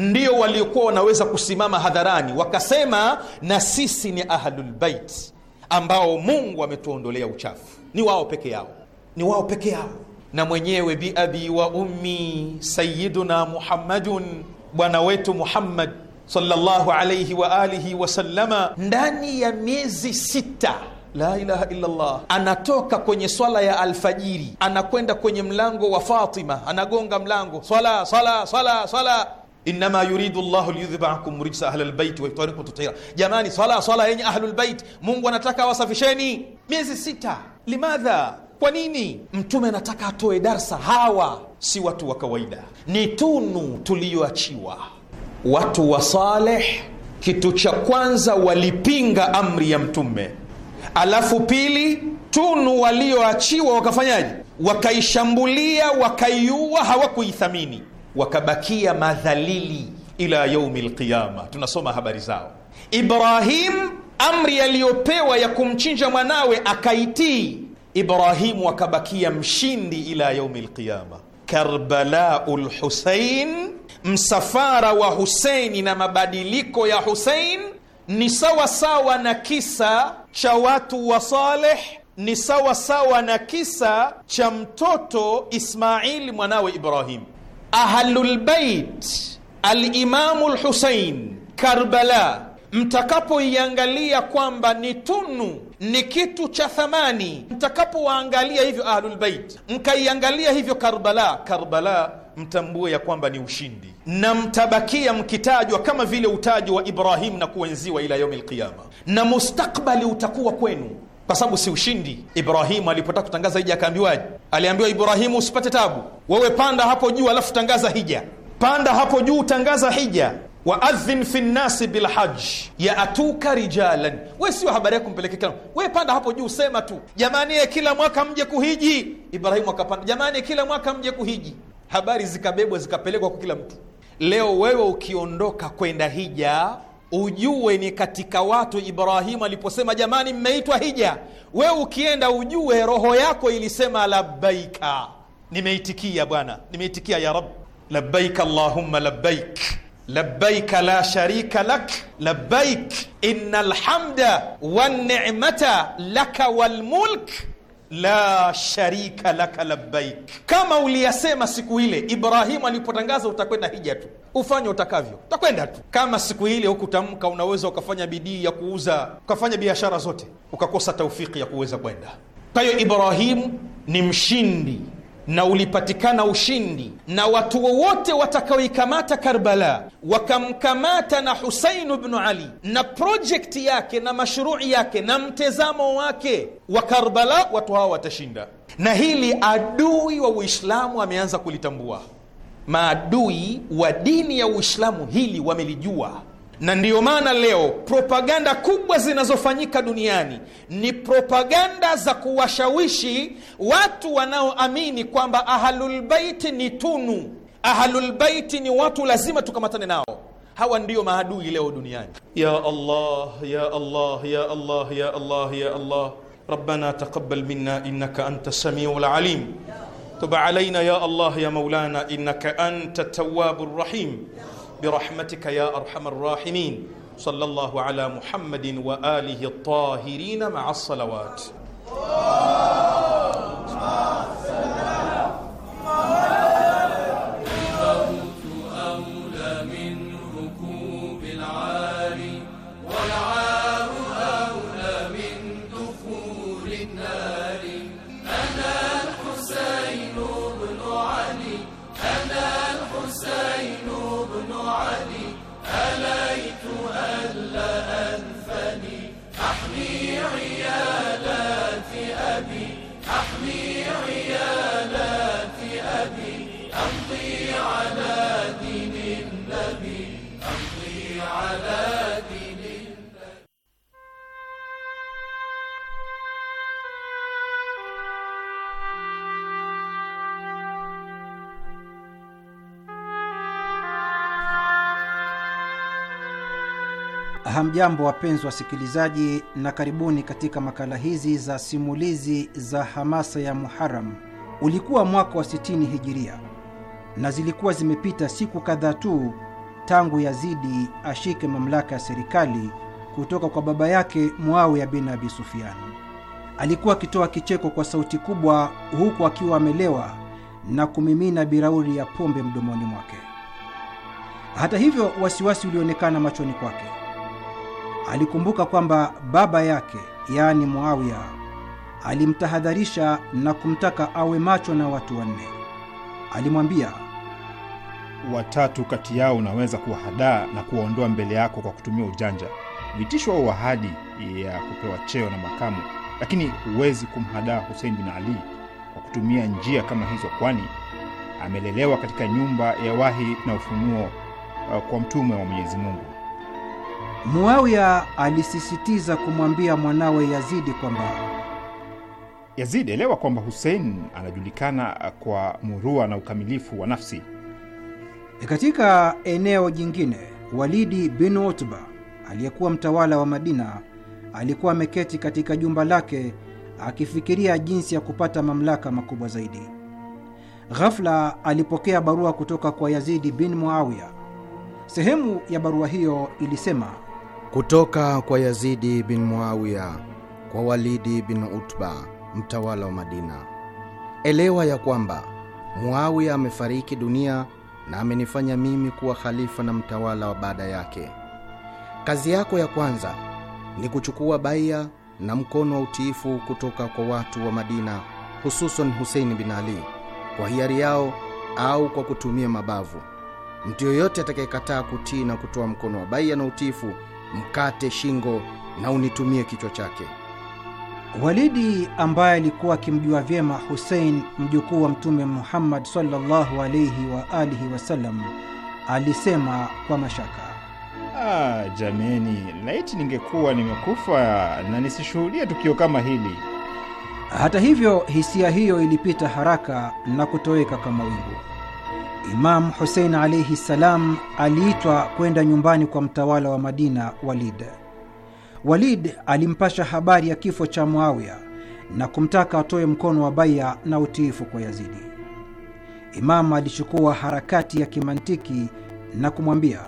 ndio waliokuwa wanaweza kusimama hadharani wakasema, na sisi ni ahlulbait ambao Mungu ametuondolea uchafu. Ni wao peke yao, ni wao peke yao. Na mwenyewe biabi wa ummi sayiduna Muhammadun, bwana wetu Muhammad sallallahu wa alihi ndani ya miezi sita la ilaha illallah, anatoka kwenye swala ya alfajiri, anakwenda kwenye mlango wa Fatima, anagonga mlango, swala swala swala swala inma yuridu llah liyudhhibakum rijsa ahlal bait wa tutira. Jamani, swala swala yenye ahlul Mungu anataka wasafisheni miezi sita. Limadha, kwa nini? Mtume anataka atoe darsa. Hawa si watu wa kawaida, ni tunu tuliyoachiwa. Watu wa Saleh, kitu cha kwanza walipinga amri ya Mtume, alafu pili, tunu walioachiwa wakafanyaje? Wakaishambulia, wakaiua, hawakuithamini wakabakia madhalili ila yaumi lqiama. Tunasoma habari zao. Ibrahim, amri aliyopewa ya kumchinja mwanawe akaitii. Ibrahimu akabakia mshindi ila yaumi lqiyama. Karbalau lhusein, msafara wa Huseini na mabadiliko ya Husein ni sawa sawa na kisa cha watu wa Saleh, ni sawa sawa na kisa cha mtoto Ismaili mwanawe Ibrahimu. Ahlulbait Alimamu Lhusein Karbala, mtakapoiangalia kwamba ni tunu ni kitu cha thamani, mtakapowaangalia hivyo Ahlulbait mkaiangalia hivyo Karbala, Karbala mtambue ya kwamba ni ushindi, na mtabakia mkitajwa kama vile utajwa wa Ibrahimu na kuenziwa ila yaumi lqiama na mustakbali utakuwa kwenu kwa sababu si ushindi. Ibrahimu alipotaka kutangaza hija akaambiwaje? Aliambiwa Ibrahimu, usipate tabu, wewe panda hapo juu alafu tangaza hija, panda hapo juu tangaza hija waadhin fi nnasi bilhaji yaatuka rijalan. We sio habari yako kumpelekea kila we, panda hapo juu, sema tu jamani, eh, kila mwaka mje kuhiji. Ibrahimu akapanda, jamani, eh, kila mwaka mje kuhiji. Habari zikabebwa zikapelekwa kwa kila mtu. Leo wewe ukiondoka kwenda hija ujue ni katika watu Ibrahimu aliposema jamani, mmeitwa hija. We ukienda ujue roho yako ilisema labbaika, nimeitikia Bwana, nimeitikia ya Rab, labbaik allahumma labbaik labbaika la sharika lak labbaik inna lhamda wa nimata laka walmulk la sharika laka labbaik. Kama uliyasema siku ile Ibrahimu alipotangaza utakwenda hija tu, ufanye utakavyo, utakwenda tu. Kama siku ile hukutamka, unaweza ukafanya bidii ya kuuza, ukafanya biashara zote, ukakosa taufiki ya kuweza kwenda. Kwa hiyo Ibrahimu ni mshindi na ulipatikana ushindi, na watu wowote watakaoikamata Karbala wakamkamata na Husainu bnu Ali na projekti yake na mashrui yake na mtezamo wake wa Karbala, watu hawa watashinda. Na hili adui wa Uislamu ameanza kulitambua, maadui wa dini ya Uislamu hili wamelijua na ndiyo maana leo propaganda kubwa zinazofanyika duniani ni propaganda za kuwashawishi watu wanaoamini kwamba ahlulbaiti ni tunu, ahlulbaiti ni watu lazima tukamatane nao. Hawa ndiyo maadui leo duniani. Ya Allah, ya Allah, ya Allah, ya Allah, ya Allah, rabbana taqabbal minna innaka anta samiu lalim tub alaina ya Allah ya maulana innaka anta tawabu rahim ya برحمتك يا أرحم الراحمين صلى الله على محمد وآله الطاهرين مع الصلوات. مع السلام. Hamjambo, wapenzi wasikilizaji, na karibuni katika makala hizi za simulizi za hamasa ya Muharam. Ulikuwa mwaka wa 60 hijiria na zilikuwa zimepita siku kadhaa tu tangu Yazidi ashike mamlaka ya serikali kutoka kwa baba yake Muawiya bin Abi Sufyan. Alikuwa akitoa kicheko kwa sauti kubwa, huku akiwa amelewa na kumimina birauri ya pombe mdomoni mwake. Hata hivyo, wasiwasi ulionekana machoni kwake alikumbuka kwamba baba yake, yaani Muawiya, alimtahadharisha na kumtaka awe macho na watu wanne. Alimwambia, watatu kati yao unaweza kuwahadaa na kuwaondoa mbele yako kwa kutumia ujanja, vitisho au ahadi ya kupewa cheo na makamu, lakini huwezi kumhadaa Husein bin Ali kwa kutumia njia kama hizo, kwani amelelewa katika nyumba ya wahi na ufunuo uh, kwa mtume wa Mwenyezi Mungu. Muawiya alisisitiza kumwambia mwanawe Yazidi kwamba Yazidi, elewa kwamba Husein anajulikana kwa murua na ukamilifu wa nafsi. E, katika eneo jingine, Walidi bin Utba aliyekuwa mtawala wa Madina alikuwa ameketi katika jumba lake akifikiria jinsi ya kupata mamlaka makubwa zaidi. Ghafla alipokea barua kutoka kwa Yazidi bin Muawiya. Sehemu ya barua hiyo ilisema: kutoka kwa Yazidi bin Muawiya kwa Walidi bin Utba, mtawala wa Madina. Elewa ya kwamba Muawiya amefariki dunia na amenifanya mimi kuwa khalifa na mtawala wa baada yake. Kazi yako ya kwanza ni kuchukua baia na mkono wa utiifu kutoka kwa watu wa Madina, hususan Huseini bin Ali kwa hiari yao au kwa kutumia mabavu. Mtu yoyote atakayekataa kutii na kutoa mkono wa baiya na utiifu mkate shingo na unitumie kichwa chake. Walidi ambaye alikuwa akimjua vyema Husein mjukuu wa Mtume Muhammad sallallahu alaihi wa alihi wasallam alisema kwa mashaka, ah, jameni, laiti ningekuwa nimekufa na nisishuhudia tukio kama hili. Hata hivyo, hisia hiyo ilipita haraka na kutoweka kama wingu. Imamu Husein alaihi ssalam aliitwa kwenda nyumbani kwa mtawala wa Madina, Walid. Walid alimpasha habari ya kifo cha Muawiya na kumtaka atoe mkono wa baiya na utiifu kwa Yazidi. Imamu alichukua harakati ya kimantiki na kumwambia,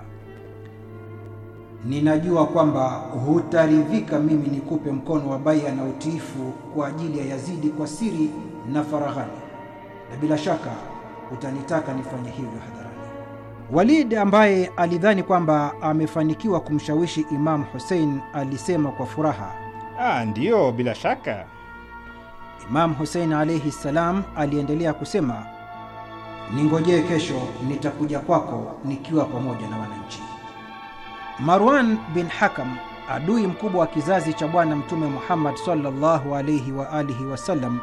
ninajua kwamba hutaridhika mimi nikupe mkono wa baia na utiifu kwa ajili ya Yazidi kwa siri na faraghani, na bila shaka utanitaka nifanye hivyo hadharani. Walid ambaye alidhani kwamba amefanikiwa kumshawishi Imamu Husein alisema kwa furaha, ah, ndiyo, bila shaka. Imamu Husein alaihi ssalam aliendelea kusema, ningojee kesho, nitakuja kwako nikiwa pamoja na wananchi. Marwan bin Hakam, adui mkubwa wa kizazi cha Bwana Mtume Muhammad sallallahu alaihi wa alihi wasallam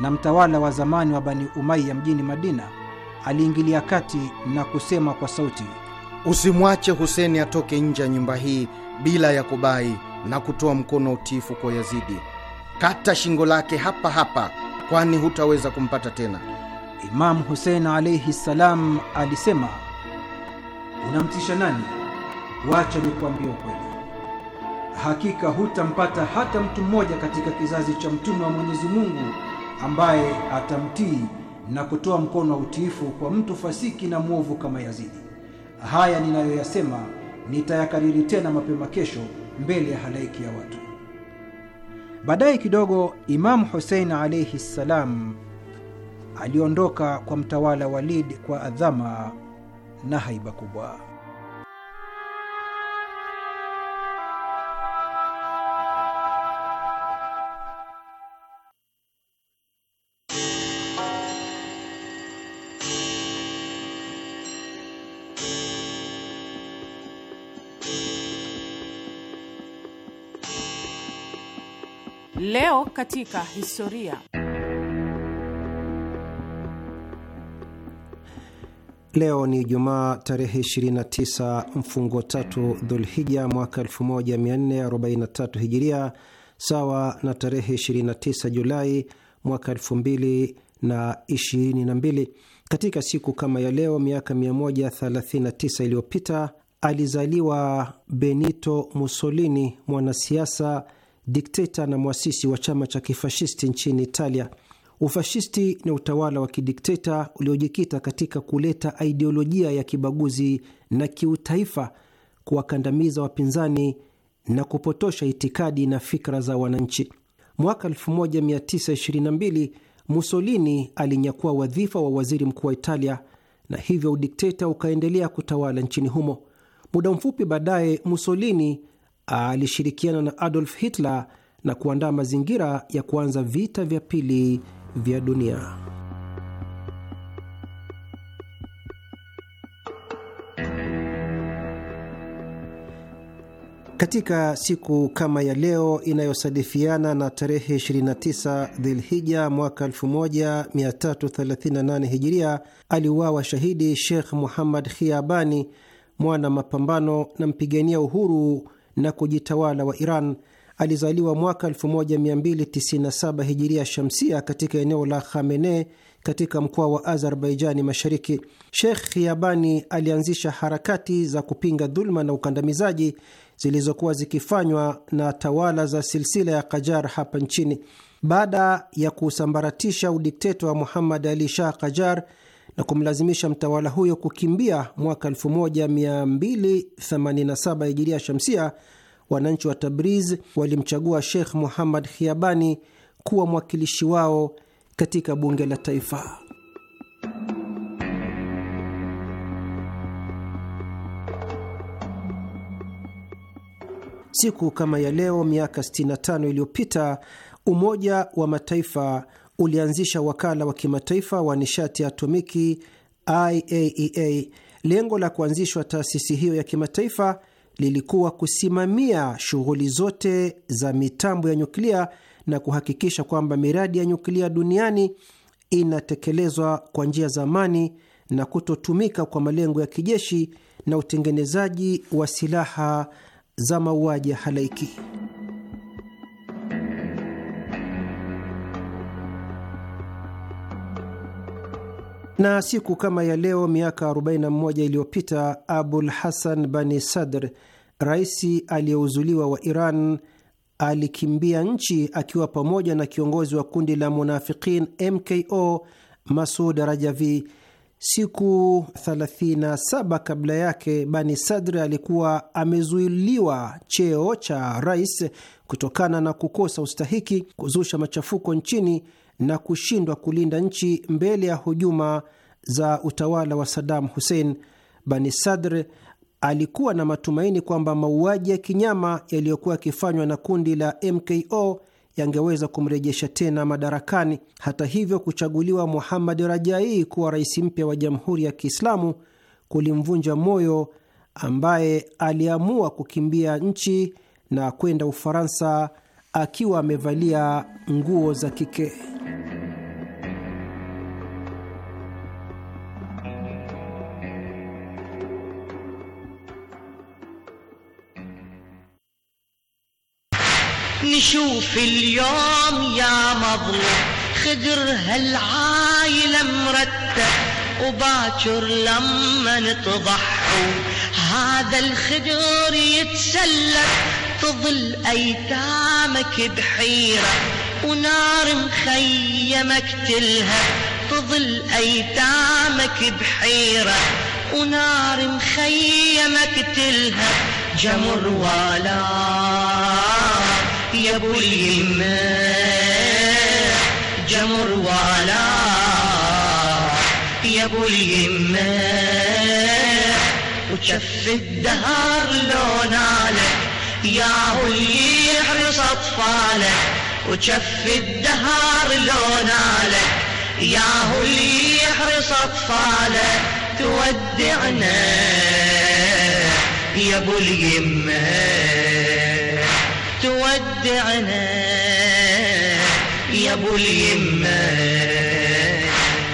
na mtawala wa zamani wa Bani umaiya mjini Madina aliingilia kati na kusema kwa sauti, usimwache Huseni atoke nje ya nyumba hii bila ya kubai na kutoa mkono utiifu kwa Yazidi. Kata shingo lake hapa hapa, kwani hutaweza kumpata tena. Imamu Husein alaihi ssalam alisema, unamtisha nani? Wacha nikuambia ukweli, hakika hutampata hata mtu mmoja katika kizazi cha mtume wa Mwenyezi Mungu ambaye atamtii na kutoa mkono wa utiifu kwa mtu fasiki na mwovu kama Yazidi. Haya ninayoyasema nitayakariri tena mapema kesho mbele ya halaiki ya watu. Baadaye kidogo, Imamu Husein alaihi ssalam aliondoka kwa mtawala Walid kwa adhama na haiba kubwa. Leo katika historia. Leo ni Jumaa tarehe 29 mfungo tatu Dhulhija mwaka 1443 Hijiria, sawa na tarehe 29 Julai mwaka 2022. Katika siku kama ya leo miaka 139 iliyopita alizaliwa Benito Mussolini, mwanasiasa dikteta na mwasisi wa chama cha kifashisti nchini Italia. Ufashisti ni utawala wa kidikteta uliojikita katika kuleta aidiolojia ya kibaguzi na kiutaifa, kuwakandamiza wapinzani na kupotosha itikadi na fikra za wananchi. Mwaka 1922 Mussolini alinyakua wadhifa wa waziri mkuu wa Italia na hivyo udikteta ukaendelea kutawala nchini humo. Muda mfupi baadaye, Mussolini alishirikiana na Adolf Hitler na kuandaa mazingira ya kuanza vita vya pili vya dunia. Katika siku kama ya leo inayosadifiana na tarehe 29 Dhilhija mwaka 1338 Hijiria, aliuawa shahidi Sheikh Muhammad Khiabani, mwana mapambano na mpigania uhuru na kujitawala wa Iran. Alizaliwa mwaka 1297 hijiria shamsia katika eneo la Khamene katika mkoa wa Azerbaijani Mashariki. Sheikh Khiabani alianzisha harakati za kupinga dhuluma na ukandamizaji zilizokuwa zikifanywa na tawala za silsila ya Kajar hapa nchini. Baada ya kusambaratisha udikteta wa Muhammad Ali Shah Kajar, na kumlazimisha mtawala huyo kukimbia mwaka 1287 hijiria shamsia. Wananchi wa Tabriz walimchagua Sheikh Muhammad Khiabani kuwa mwakilishi wao katika bunge la taifa. Siku kama ya leo miaka 65 iliyopita Umoja wa Mataifa ulianzisha wakala wa kimataifa wa nishati ya atomiki IAEA. E Lengo la kuanzishwa taasisi hiyo ya kimataifa lilikuwa kusimamia shughuli zote za mitambo ya nyuklia na kuhakikisha kwamba miradi ya nyuklia duniani inatekelezwa kwa njia za amani na kutotumika kwa malengo ya kijeshi na utengenezaji wa silaha za mauaji ya halaiki. Na siku kama ya leo miaka 41 iliyopita Abul Hasan Bani Sadr, raisi aliyeuzuliwa wa Iran, alikimbia nchi akiwa pamoja na kiongozi wa kundi la Munafiqin mko Masud Rajavi. Siku 37 kabla yake Bani Sadri alikuwa amezuiliwa cheo cha rais kutokana na kukosa ustahiki, kuzusha machafuko nchini na kushindwa kulinda nchi mbele ya hujuma za utawala wa Saddam Hussein, Bani Sadr alikuwa na matumaini kwamba mauaji ya kinyama yaliyokuwa yakifanywa na kundi la MKO yangeweza kumrejesha tena madarakani. Hata hivyo, kuchaguliwa Muhammad Rajai kuwa rais mpya wa Jamhuri ya Kiislamu kulimvunja moyo, ambaye aliamua kukimbia nchi na kwenda Ufaransa akiwa amevalia nguo za kike. نشوف اليوم يا مظلوم خدر هالعايلة مرتب وباكر لما نتضحوا هذا الخدر يتسلف تظل أيتامك بحيرة ونار مخيمك تلهب تظل أيتامك بحيرة ونار مخيمك تلهب جمر ولا يا ابو اليمه جمر ولا يا ابو اليمه وشف الدهر لون عليه يا هو اللي يحرص اطفالك وشف الدهار لونالك يا هو اللي يحرص تودعنا يا ابو اليمه تودعنا يا ابو اليمه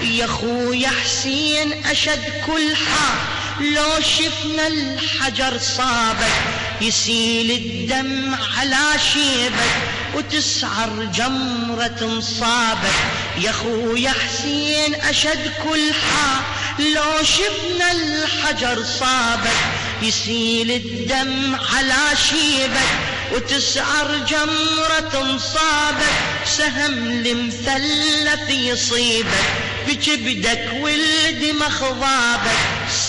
يا خويا حسين اشد كل حال لو شفنا الحجر صابك يسيل الدم على شيبك وتسعر جمرة انصابك يا خويا حسين أشد كل حا لو شفنا الحجر صابك يسيل الدم على شيبك وتسعر جمرة انصابك سهم المثلث يصيبك بكبدك ولد مخضابك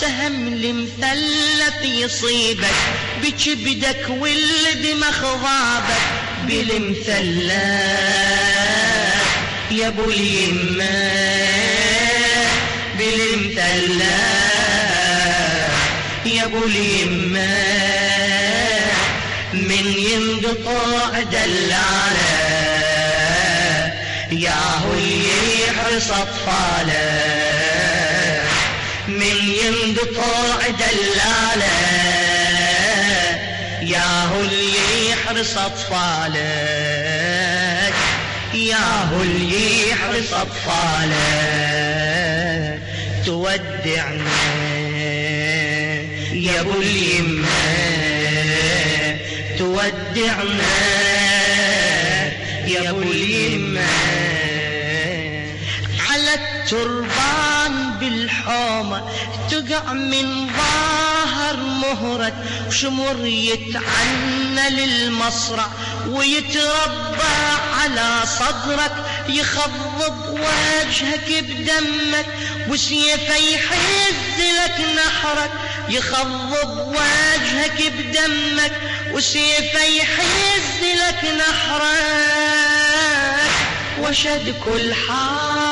سهم المثلث يصيبك بكبدك ولد مخضابك بالمثلث يا ابو اليمه بالمثلث يا ابو اليمه من ينقطع دلاله ياهو صفاله من يمد طلع دلاله ياهو اللي يحرس أطفالك ياهو اللي يحرس أطفالك تودعنا يا ابو اليمه تودعنا يا ابو اليمه تربان بالحومة تقع من ظاهر مهرك وشمر يتعنى للمصرع ويتربى على صدرك يخضب وجهك بدمك وسيفه يحز لك نحرك يخضب وجهك بدمك وسيفه يحز لك نحرك وشد كل حال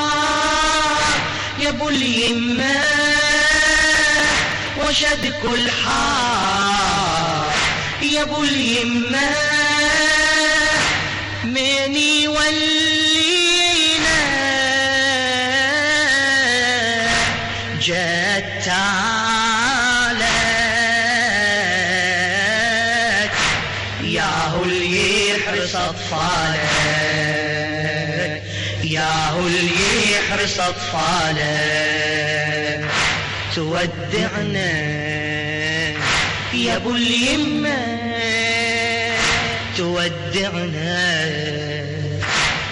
يا اليمة وشد كل حار يا ابو اليمة من يولينا جت صفالة تودعنا يا أبو اليمة تودعنا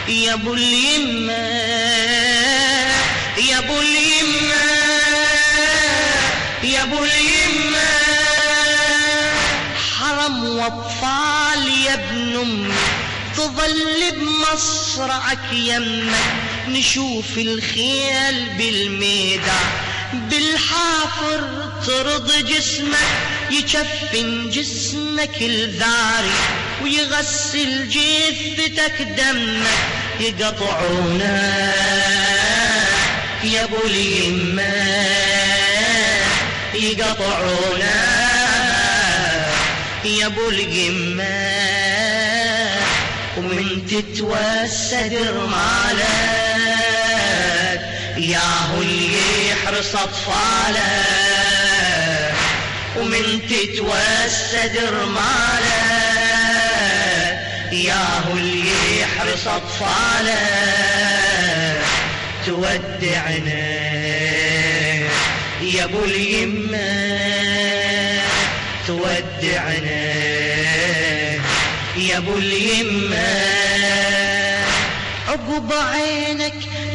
يا أبو اليمة يا أبو اليمة يا أبو اليمة حرم وأطفال يا ابن أمي تظل بمصرعك يمك نشوف الخيل بالميدع بالحافر ترض جسمك يشفن جسمك الذاري ويغسل جثتك دمك يقطعونا يا ابو اليمه يقطعونا يا ابو اليمه ومن تتوسد رمالك ياهو اللي يحرص اطفاله ومن تتوسد رماله ياهو اللي يحرص اطفاله تودعنا يا ابو اليمه تودعنا يا ابو اليمه عقب عينك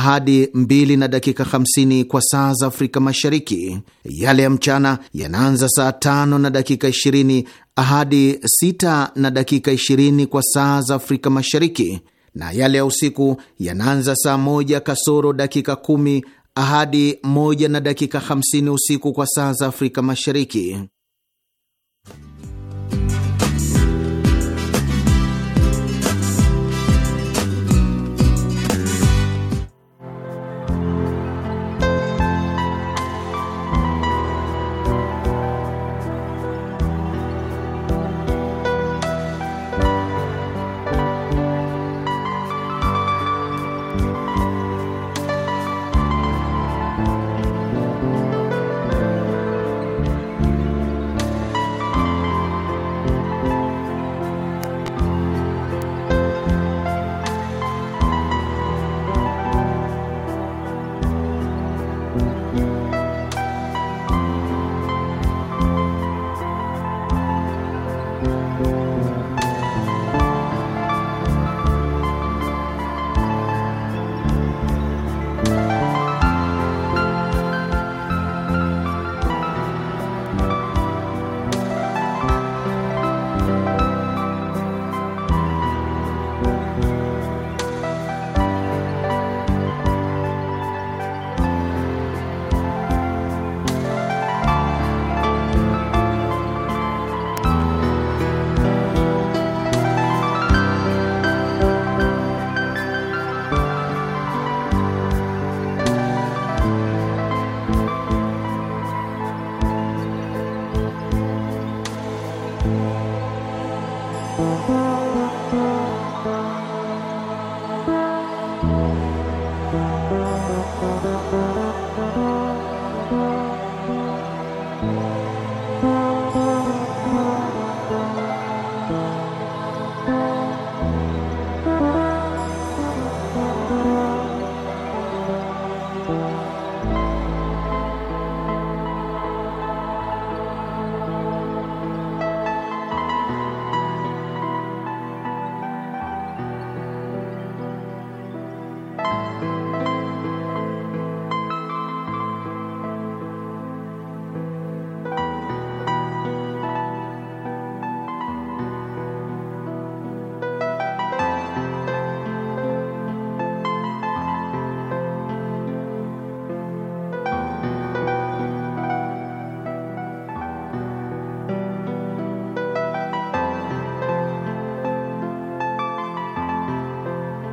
hadi 2 na dakika 50 kwa saa za Afrika Mashariki. Yale ya mchana yanaanza saa tano na dakika 20 hadi sita na dakika 20 kwa saa za Afrika Mashariki, na yale ya usiku yanaanza saa moja kasoro dakika kumi hadi moja na dakika hamsini usiku kwa saa za Afrika Mashariki.